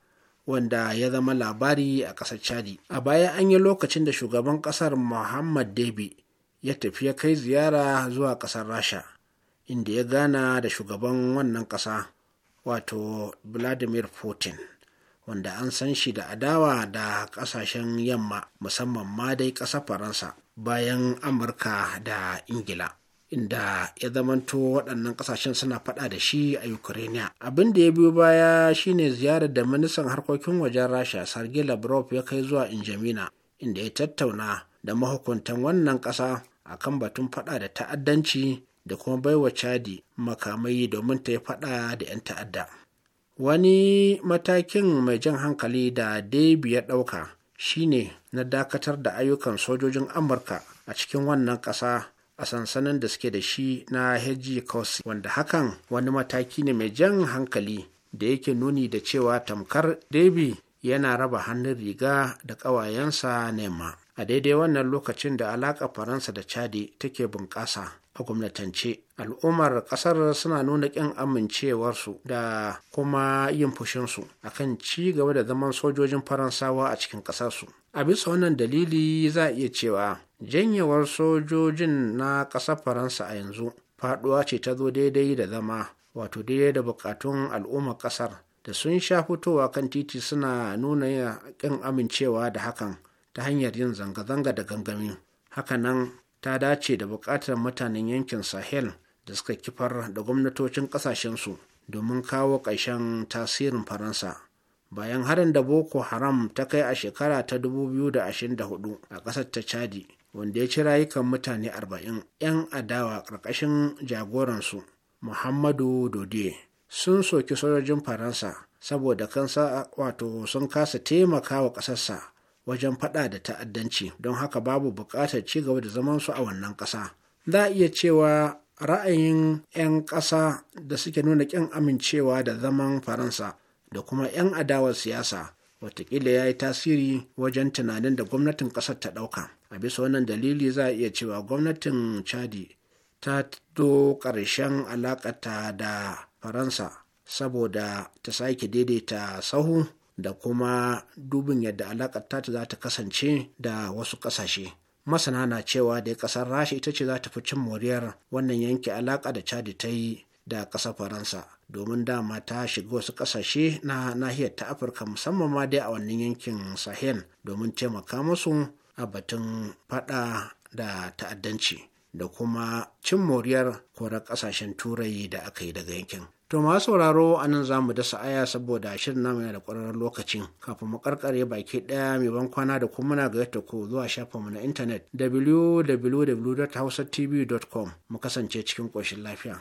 wanda ya zama labari a ƙasar chadi a baya an yi lokacin da shugaban ƙasar muhammad debi ya tafi ya kai ziyara zuwa ƙasar rasha inda ya gana da shugaban wannan ƙasa wato vladimir putin wanda an san shi da adawa da ƙasashen yamma musamman ma dai ƙasar faransa bayan amurka da ingila inda ya zamanto waɗannan ƙasashen suna faɗa da shi a ukraine abin da ya biyo baya shine ziyarar da ministan harkokin wajen rasha sergei lavrov ya kai zuwa injamina inda ya tattauna da mahukuntan wannan ƙasa a kan batun faɗa da ta'addanci da kuma baiwa chadi makamai domin ta yi faɗa da 'yan ta'adda wani matakin mai jan hankali da Debi ya ɗauka shine na dakatar da ayyukan sojojin amurka a cikin wannan ƙasa a sansanin da suke da shi na heji kosi wanda hakan wani mataki ne mai jan hankali da yake nuni da cewa tamkar debi yana raba hannun riga da ƙawayensa nema a daidai wannan lokacin da alaƙa faransa da chadi take bunƙasa a gwamnatance al'ummar ƙasar suna nuna ƙin amincewarsu da kuma yin fushinsu akan ci gaba da zaman sojojin faransawa a cikin ƙasarsu a bisa wannan dalili za a iya cewa janyewar sojojin na ƙasar faransa a yanzu faɗuwa ce ta zo daidai da zama wato daidai da buƙatun al'ummar ƙasar da sun sha fitowa kan titi suna nuna ƙin amincewa da hakan ta hanyar yin zanga-zanga da gangami hakanan ta dace da buƙatar mutanen yankin sahel da suka kifar da gwamnatocin ƙasashensu domin kawo ƙarshen tasirin faransa bayan harin da boko haram ta kai a shekara ta 2024 a ƙasar ta chadi wanda ya ci rayukan mutane 40 'yan adawa ƙarƙashin jagoransu muhammadu dodiye sun soki sojojin faransa saboda kansa wato sun kasa taimaka wa ƙasarsa wajen faɗa da ta'addanci don haka babu buƙatar ci gaba da zamansu a wannan ƙasa za a iya cewa ra'ayin 'yan ƙasa da suke nuna ƙin amincewa da zaman faransa da kuma 'yan adawar siyasa watakila ya yi tasiri wajen tunanin da gwamnatin ƙasar ta ɗauka a bisa wannan dalili za a iya cewa gwamnatin chadi ta to ƙarshen alaƙata da faransa saboda ta sake daidaita sahu da kuma dubin yadda alaƙar ta za ta kasance da wasu ƙasashe masana na cewa da kasar rasha ita ce za ta fi cin moriyar wannan yanke alaka da chad ta yi da kasar faransa domin dama ta shiga wasu kasashe na nahiyar ta afirka musamman ma dai a wannan yankin sahel domin taimaka musu a batun fada da ta'addanci da kuma cin moriyar korar kasashen turai da aka yi daga yankin To ma sauraro a nan za mu dasa aya saboda shirin namu yana da ƙwararren lokacin kafin mu karkare baki ɗaya mai ban kwana da kuma muna gayyata ku zuwa shafin mu na intanet www.hausatv.com mu kasance cikin ƙoshin lafiya.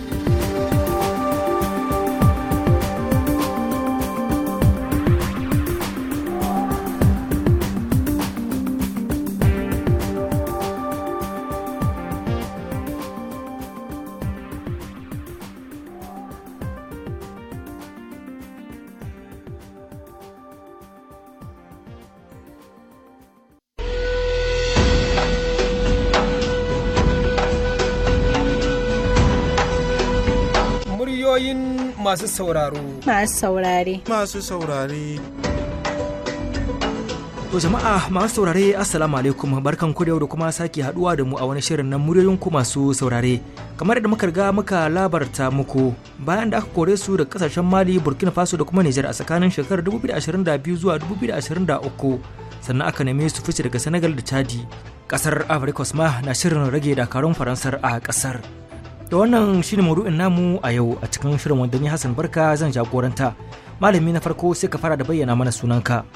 masu sauraro. Masu saurare. Masu saurare. To jama'a masu saurare assalamu alaikum barkan ku da yau kuma sake haduwa da mu a wani shirin nan muryoyin ku masu saurare kamar da muka riga muka labarta muku bayan da aka kore su da kasashen Mali Burkina Faso da kuma Niger a tsakanin shekarar 2022 zuwa 2023 sannan aka neme su fice daga Senegal da Chadi kasar Ivory ma na shirin rage dakarun Faransar a kasar da wannan shine Madu'in namu a yau a cikin shirin wanda ni Hassan Barka zan jagoranta malami na farko sai ka fara da bayyana mana sunanka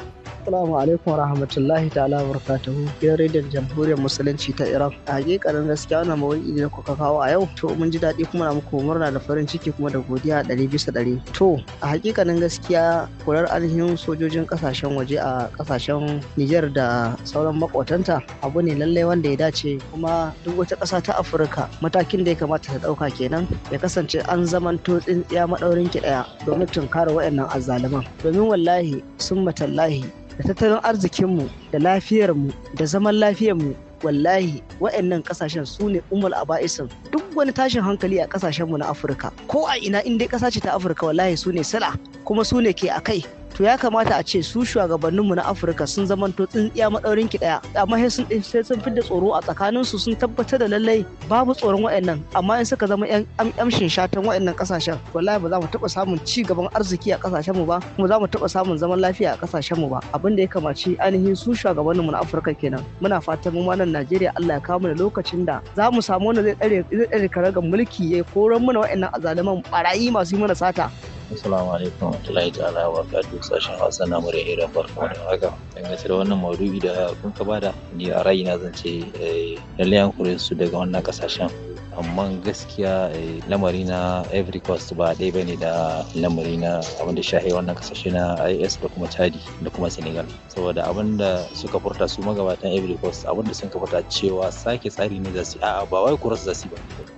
Assalamu alaikum wa rahmatullahi ta'ala wa barakatuhu. Gidan rediyon Jamhuriyar Musulunci ta Iran. A hakikanin gaskiya wannan mawuyi da kuka kawo a yau to mun ji daɗi kuma na muku murna da farin ciki kuma da godiya ɗari bisa ɗari. To a hakikanin gaskiya kurar ainihin sojojin ƙasashen waje a ƙasashen Nijar da sauran makwatanta abu ne lallai wanda ya dace kuma duk wata ƙasa ta Afirka matakin da ya kamata ta ɗauka kenan ya kasance an zamanto tsintsiya maɗaurin ki ɗaya domin tunkara waɗannan azzaluman domin wallahi sun matallahi da tattalin arzikinmu da lafiyarmu da zaman lafiyarmu wallahi wa'annan kasashen su ne umar aba'isin duk wani tashin hankali a kasashenmu na afirka ko a ina inda dai kasa ta afirka wallahi su ne sila kuma su ne ke a kai to ya kamata a ce su shugabanninmu na afirka sun zamanto tsintsiya maɗaurin ki ɗaya amma sai sun fidda tsoro a tsakaninsu sun tabbatar da lallai babu tsoron wa'annan. amma in suka zama yan amshin shatan wa'annan ƙasashen wallahi ba za mu taɓa samun ci gaban arziki a ƙasashenmu ba kuma za mu taɓa samun zaman lafiya a ƙasashenmu ba abin da ya kamaci ainihin su shugabanninmu na afirka kenan muna fatan mu nan najeriya allah ya kawo da lokacin da za mu samu wanda zai tsare zai tsare mulki ya koran mana waɗannan azaliman barayi masu yi mana sata Assalamu alaikum warahmatullahi ta'ala wa barakatuh sashen Hausa na murya Iran barkamu da haka. Dangance da wannan maudu'i da kun ka bada ni a rayina zan ce eh, lalle an kore su daga wannan kasashen. amma gaskiya eh, lamari na every cost ba ɗaya bane da lamari na abinda shahe wannan kasashe na is da kuma chadi da kuma senegal saboda abinda suka furta su magabatan every cost abinda sun ka furta cewa sake tsari ne za su a'a ba wai kuras za su ba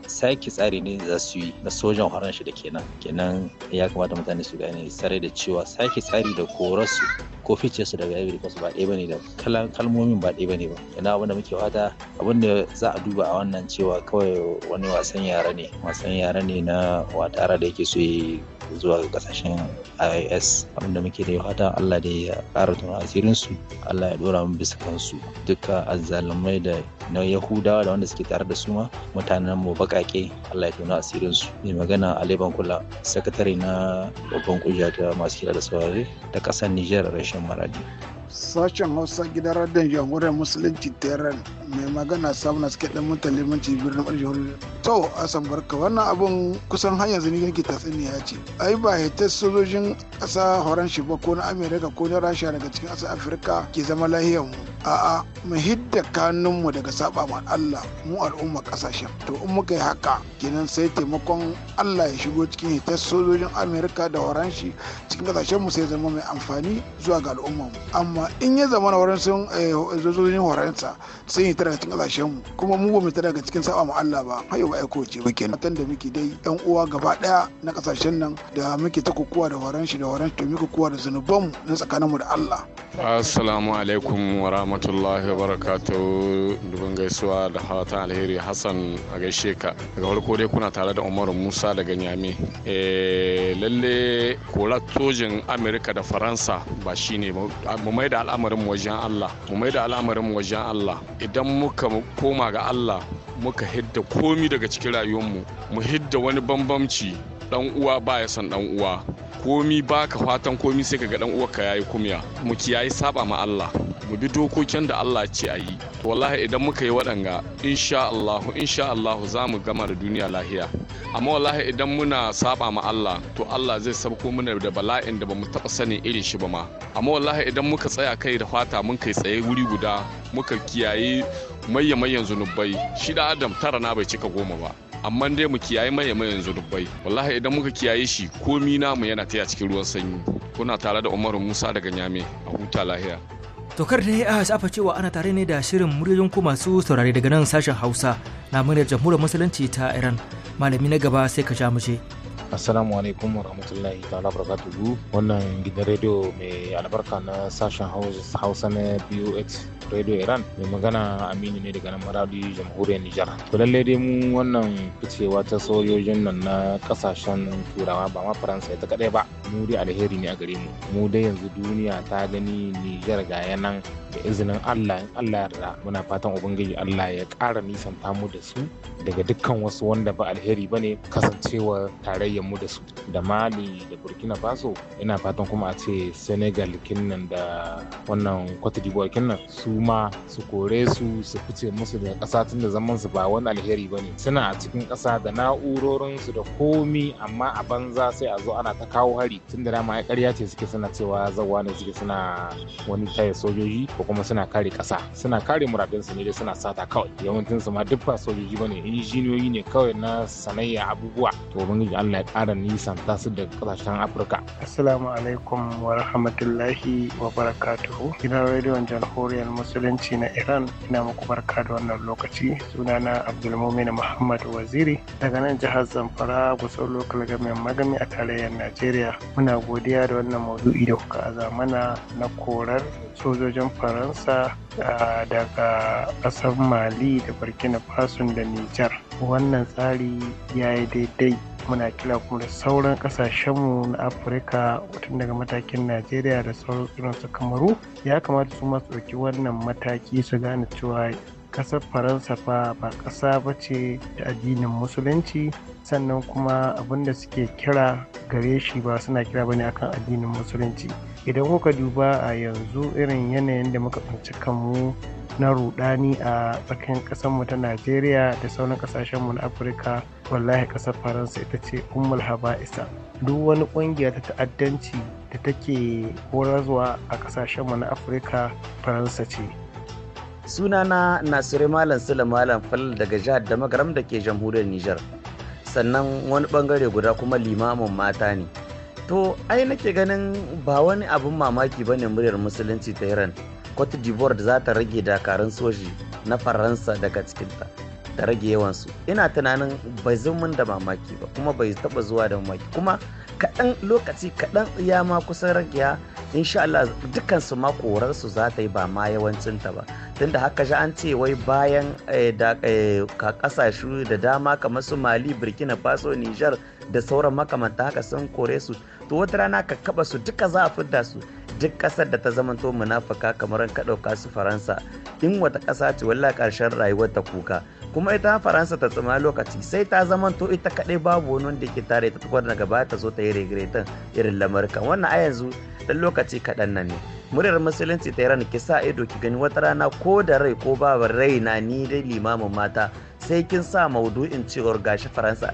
sake tsari ne za su yi na sojan horon shi da kenan kenan ya kamata mutane su gane sarai da cewa sake tsari da korarsu ko su daga Ivory Coast ba ɗaya bane da kalmomin ba ɗaya bane ba ina abin da muke fata abin da za a duba a wannan cewa kawai wani wasan yara ne wasan yara ne na watara da yake so zuwa ga kasashen IIS abinda muke da fata Allah da ya ƙara tun asirin su Allah ya dora mu bisa kansu duka azzalumai da na Yahudawa da wanda suke tare da su ma mutanen mu bakake Allah ya tuna asirin su mai magana Ali Bankula sakatare na babban kungiya ta masu kira da saurare ta ƙasar Niger rashin chamará de Sashen Hausa gidan radiyon jamhuriyar Musulunci Tehran mai magana samun na suke ɗan limanci birnin Arjihun. To, Asan Barka, wannan abun kusan hanyar zini ne yake tatsuniya ce. Ai ba ta sojojin ƙasa horon shi ba ko na Amerika ko na Rasha daga cikin ƙasar Afirka ke zama lahiyar mu. A'a, mu hidda kanunmu daga saba ma Allah mu al'umma ƙasashen. To, in muka yi haka, kenan sai taimakon Allah ya shigo cikin hitar sojojin Amerika da horon shi cikin ƙasashen mu sai zama mai amfani zuwa ga al'ummar mu. kuma in ya zama na wurin sun eh, zozozin horonsa sun yi tara cikin kasashen mu kuma mu ba mu tara daga cikin saba Allah ba har yau aiko ce ba kenan matan da muke dai yan uwa gaba daya na kasashen nan da muke ta kokowa da horon shi da horon to muke kokowa da zanuban mu na tsakanin mu da Allah assalamu alaikum wa rahmatullahi wa barakatuh duban gaisuwa da hawatan alheri hasan a gaishe ka daga farko dai kuna tare da Umaru Musa daga Nyame eh lalle kola sojin Amerika da Faransa ba shine mu mai da al'amarin wajen Allah mu mai da al'amarin wajen Allah idan muka koma ga Allah muka hidda komi daga cikin rayuwarmu mu hidda wani bambamci dan uwa ba ya san dan uwa komi baka fatan komi sai ka ga dan ka yayi kumya mu kiyaye saba ma Allah mu bi dokokin da Allah ce a yi to wallahi idan muka yi waɗanga insha Allah insha Allah za mu gama da duniya lahiya amma wallahi idan muna saba ma Allah to Allah zai sabko mana da bala'in da bamu taba sanin irin shi ba ma amma wallahi idan muka tsaya kai da fata mun kai tsaye wuri guda muka kiyaye mayya-mayyan zunubai shi da adam tara na bai cika goma ba amma dai mu kiyaye mayya-mayyan zunubai wallahi idan muka kiyaye shi komi namu yana taya cikin ruwan sanyi kuna tare da umaru musa daga nyame a huta lahiya Tokar da ya ah, shafa cewa ana tare ne da shirin muryoyin ku masu saurare daga nan sashen Hausa na muryar jamhuriyar musulunci ta Iran. Malami na gaba sai ka sha mace. assalamu alaikum wa rahmatullahi ta'ala barakatuhu wannan gidan rediyo mai albarka na sashen hausa na boh radio iran mai magana aminu ne daga nan maradi jamhuriyar nijar to lallai dai mu wannan ficewa ta sojojin nan na kasashen turawa ba ma faransa ta kadai ba mu dai alheri ne a gare mu mu dai yanzu duniya ta gani nijar ga yanan da izinin Allah in Allah yarda muna fatan ubangiji Allah ya ƙara nisan mu da su daga dukkan wasu wanda ba alheri bane kasancewa tarayyar mu da su da Mali da Burkina Faso ina fatan kuma a ce Senegal kinnan da wannan Cote d'Ivoire kinnan su ma su kore su su fice musu da ƙasa tun da zaman su ba wani alheri bane suna a cikin ƙasa da na'urorin su da komi amma a banza sai a zo ana ta kawo hari tun da dama ya ƙarya ce suke suna cewa zawa ne suke suna wani taya sojoji ko kuma suna kare kasa suna kare muradinsu ne dai suna sata kawai yawancin su ma duk ba sojoji ba ne injiniyoyi ne kawai na sanayya abubuwa to ubangiji Allah ya kara nisan tasu da kasashen Afirka. Assalamu alaikum wa rahmatullahi wa barakatuhu. Gidan rediyon jamhuriyar musulunci na Iran ina muku barka da wannan lokaci sunana Abdulmumin Muhammad Waziri daga nan jihar Zamfara gusa Local Government Magami a tarayyar Najeriya. Muna godiya da wannan maudu'i da kuka aza mana na korar sojojin faransa daga ƙasar mali da burkina faso da nijar wannan tsari ya yi daidai muna kira kuma da sauran kasashenmu na afirka tun daga matakin najeriya da sauran su kamaru ya kamata su masu ɗauki wannan mataki su gane cewa ƙasar faransa fa ba ƙasa ba ce da addinin musulunci sannan kuma abinda suke kira gare shi ba suna kira bane akan addinin musulunci idan kuka duba a yanzu irin yanayin da muka tsinci kanmu na ruɗani a tsakanin ƙasarmu ta najeriya da sauran ƙasashenmu na afirka wallahi ƙasar faransa ita ce ummul haba'isa duk wani ƙungiya ta ta'addanci da take horarwa a ƙasashenmu na afirka faransa ce sunana nasiru malam sula malam fal daga jihar da magaram da ke jamhuriyar nijar sannan wani bangare guda kuma limamin mata ne to ai nake ganin ba wani abin mamaki ba ne muryar musulunci ta iran cote d'ivoire da za ta rage dakarun soji na faransa daga cikinta da rage yawansu ina tunanin bai min da mamaki ba kuma bai taba zuwa da mamaki kuma kaɗan lokaci kaɗan ya ma kusan ya insha Allah dukkan su ma korarsu za ta yi ba ma yawancin ta ba tunda haka ji an ce wai bayan eh, da eh, kasashe da dama kamar su Mali Burkina Faso nijar. da sauran makamanta haka sun kore su to wata rana ka kaba su duka za a fidda su duk kasar da ta zamanto munafaka kamar ka ɗauka su faransa in wata kasa ce wallahi karshen rayuwar ta kuka kuma ita faransa ta tsima lokaci sai ta zamanto ita kaɗai babu wani wanda ke tare ta tukwar daga baya ta zo ta yi regretan irin lamarka wannan a yanzu dan lokaci kaɗan nan ne muryar musulunci ta iran ki sa ido ki gani wata rana ko da rai ko babar rai na ni dai limamin mata sai kin sa maudu'in cewar gashi faransa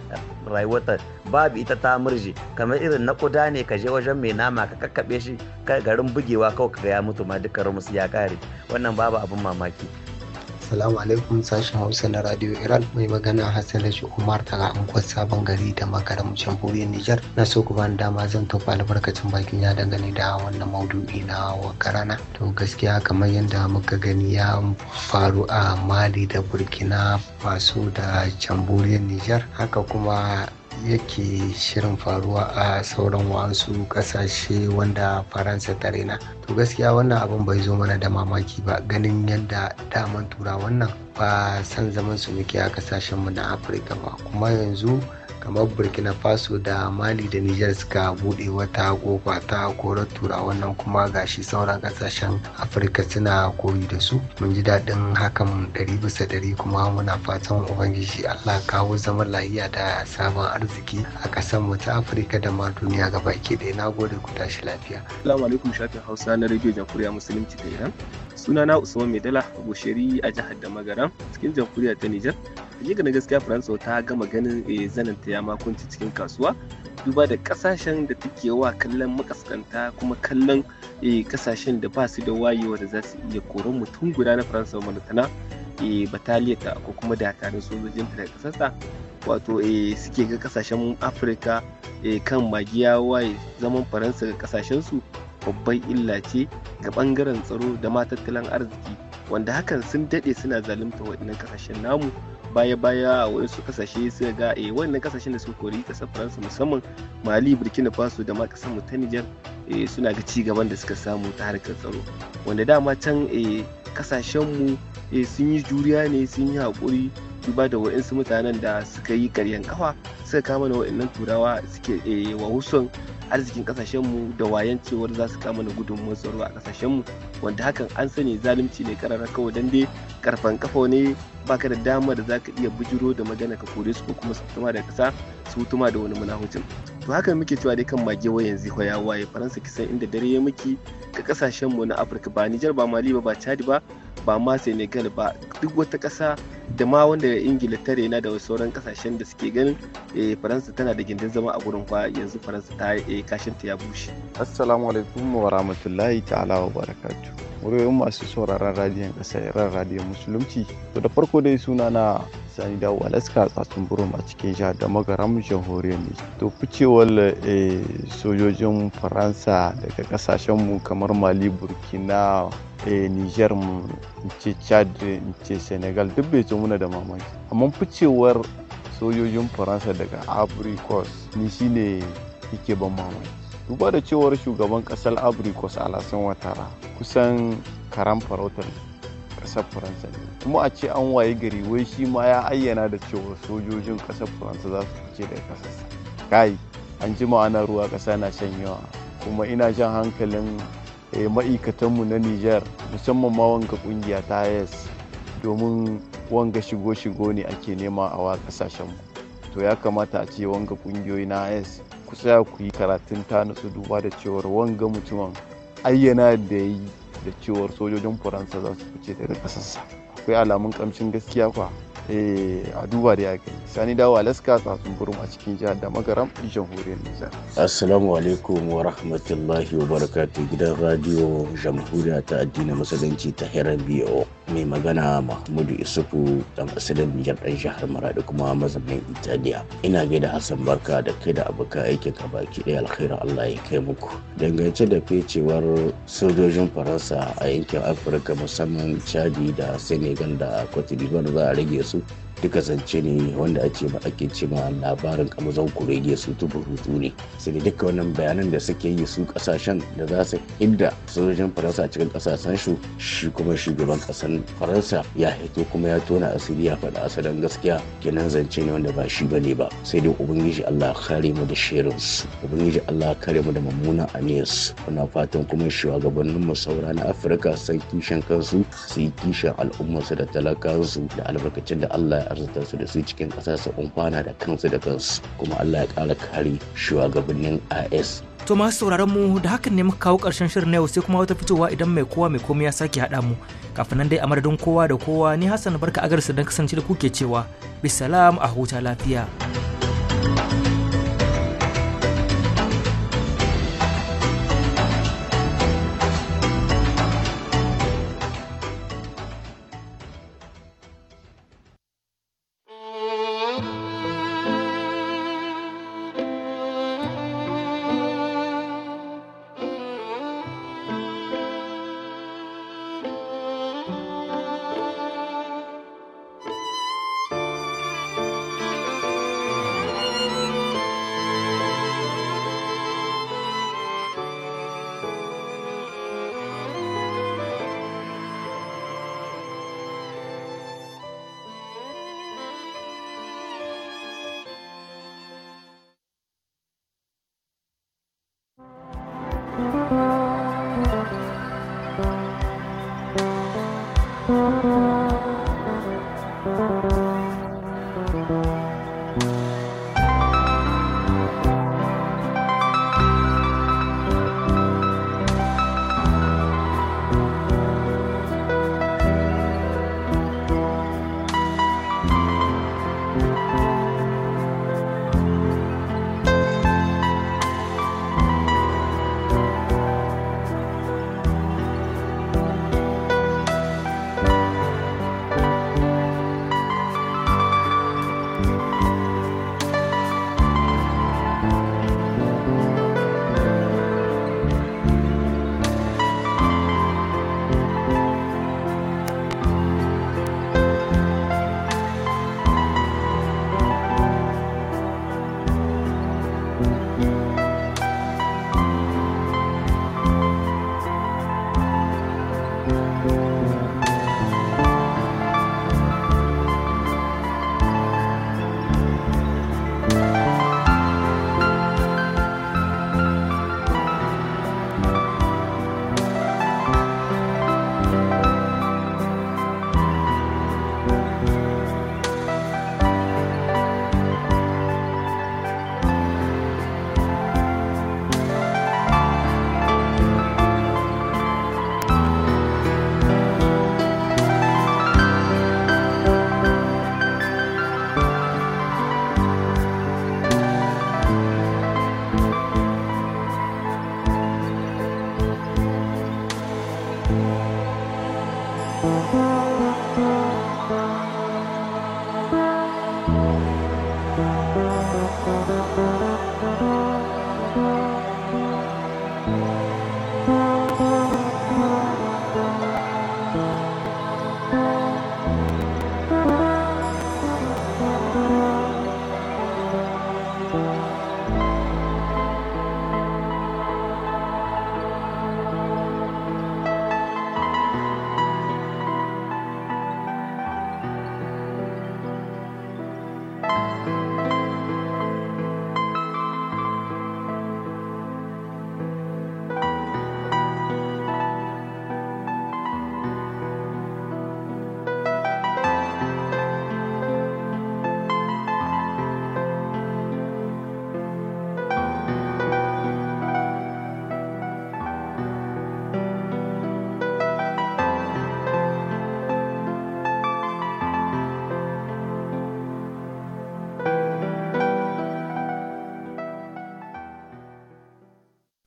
rayuwarta babu ita ta murje kamar irin na kuda ne ka je wajen mai nama ka kakkaɓe shi garin bugewa kawai ka ya mutu ma duka rumus ya kare wannan babu abin mamaki Assalamu alaikum sashen Hausa na Radio Iran mai magana Hassan Rashi Umar daga unguwar Sabon Gari da makaram Jamhuriyar Nijar. Na so ku bani dama zan tafi albarkacin bakin ya dangane da wannan maudu'i na wakarana. To gaskiya kamar yadda muka gani ya faru a Mali da Burkina Faso da Jamhuriyar Nijar. Haka kuma yake shirin faruwa a sauran wasu kasashe wanda faransa ta raina to gaskiya wannan abin bai zo mana da mamaki ba ganin yadda daman tura wannan ba san zaman su muke a kasashenmu na afirka ba kuma yanzu kamar burkina faso da mali da niger suka bude wata kofa ta korar tura wannan kuma gashi sauran kasashen afirka suna koyi da su mun ji daɗin hakan ɗari bisa ɗari kuma muna fatan ubangiji allah kawo zaman lahiya da sabon arziki a ƙasar mu ta afirka da ma duniya gabaki ɗaya na gode ku tashi lafiya. Assalamu alaikum shafin hausa na rediyo jamhuriya musulunci ta iran sunana usman maidala gosheri a jihar da magaran cikin jamhuriyar ta nijar hakika na gaskiya faransa ta gama ganin eh, zananta ya makunci cikin kasuwa duba da kasashen da take wa kallon makaskanta kuma kallon kasashen eh, da ba su da wayewa da za su iya koron mutum guda na faransa malatana eh, bataliya ta ko kuma dakarun sojojin ta da kasarsa wato suke ga kasashen afirka kan magiya waye zaman faransa ga kasashen su babban illa ce ga ɓangaren tsaro da ma tattalin arziki wanda hakan sun daɗe suna zalunta waɗannan ƙasashen namu baya-baya a wasu kasashe suka ga a eh, waɗannan kasashen da suka kori ƙasar faransa musamman mali burkina faso da ma ƙasar ta nijar eh, suna ga ci gaban da suka samu ta harkar tsaro wanda dama can kasashen eh, mu sun yi juriya ne sun yi haƙuri duba da wa'insu mutanen da suka yi karyan kafa suka kama da waɗannan turawa suke wa arzikin kasashenmu da wayan cewar za su kama da gudunmuwar tsaro a kasashenmu wanda hakan an sani zalunci ne karara kawai dan dai karfan kafa ne baka da dama da za ka iya bujiro da magana ka kore su ko kuma su tuma da kasa su tuma da wani manahucin to haka muke cewa dai kan mage wa yanzu ko ya waye faransa kisan inda dare ya miki ga kasashenmu na afirka ba nijar ba mali ba ba chadi ba ba ma senegal ba duk wata ƙasa da ma wanda ingila ta rena da sauran kasashen da suke ganin eh, faransa tana da gindin zama a gurin kwa yanzu faransa ta eh, kashin ta ya bushe assalamu alaikum wa rahmatullahi ta'ala wa barakatu muryoyin masu sauraron radiyon kasa ran radiyon musulunci to da farko dai suna na sani dawo alaska tsatsun burum a cikin jihar da magaram jamhuriyar ne to ficewar eh, sojojin faransa daga kasashen mu kamar mali burkina E, niger mu ce chad ce senegal duk bai ce muna da mamaki amma ficewar sojojin faransa daga abricos ni shine yake ban mamaki duba da cewar shugaban kasar abricos alasan watara kusan karan farautar kasar faransa ne kuma a ce an waye gari wai shi ma ya ayyana da cewa sojojin kasar faransa za su fice daga kasar kai an jima ana ruwa kasa na shan yawa kuma ina jan hankalin Eh, ma'aikatanmu na Nijar musamman ma wanga kungiya ta yes domin wanga shigo-shigo ne ake nema a kasashenmu to ya kamata a ce wanga kungiyoyi na yes kusa ya ku yi karatun ta nutsu duba da cewar wanga mutumin ayyana da yi da cewar sojojin faransa za su fice daga ƙasarsa akwai alamun ƙamshin gaskiya kwa Eh, a duba da ya sani dawo alaska tsatsun burum a cikin jihar da magaram jamhuriyar nijar assalamu alaikum wa rahmatullahi wa barakatuh gidan radio jamhuriya ta addinin musulunci ta heran bo mai magana mahmudu isufu dan asalin nijar dan jihar maradi kuma mazamin italiya ina gaida hassan barka da kai da abuka aiki ka baki ɗaya alkhairar allah ya kai muku dangance da fecewar sojojin faransa a yankin afirka musamman chadi da senegal da cote d'ivoire za a rage su duka zance ne wanda ake ma ake ce ma labarin kamazon kurege su tubu hutu ne sai duka wannan bayanan da suke yi su kasashen da za su hidda sojojin faransa cikin kasashen su shi kuma shugaban kasan faransa ya hito kuma ya tona asiri ya faɗa asalin gaskiya kenan zance ne wanda ba shi bane ba sai dai ubangiji allah kare mu da shirin su ubangiji allah kare mu da mummunan aniyas muna fatan kuma shugabannin mu saura na afirka san kishin kansu su yi kishin al'ummarsu da talakansu da albarkacin da allah ya arzikinsu da su cikin ƙasa su umfana da kansu da kansu kuma allah ya kara kari shugabannin is to masu sauraron mu da hakan ne muka kawo karshen shirin na yau sai kuma wata fitowa idan mai kowa mai komai ya sake haɗa mu kafin nan dai a madadin kowa da kowa ni hassan barka agarsu don kasance da kuke cewa bisalam a huta lafiya.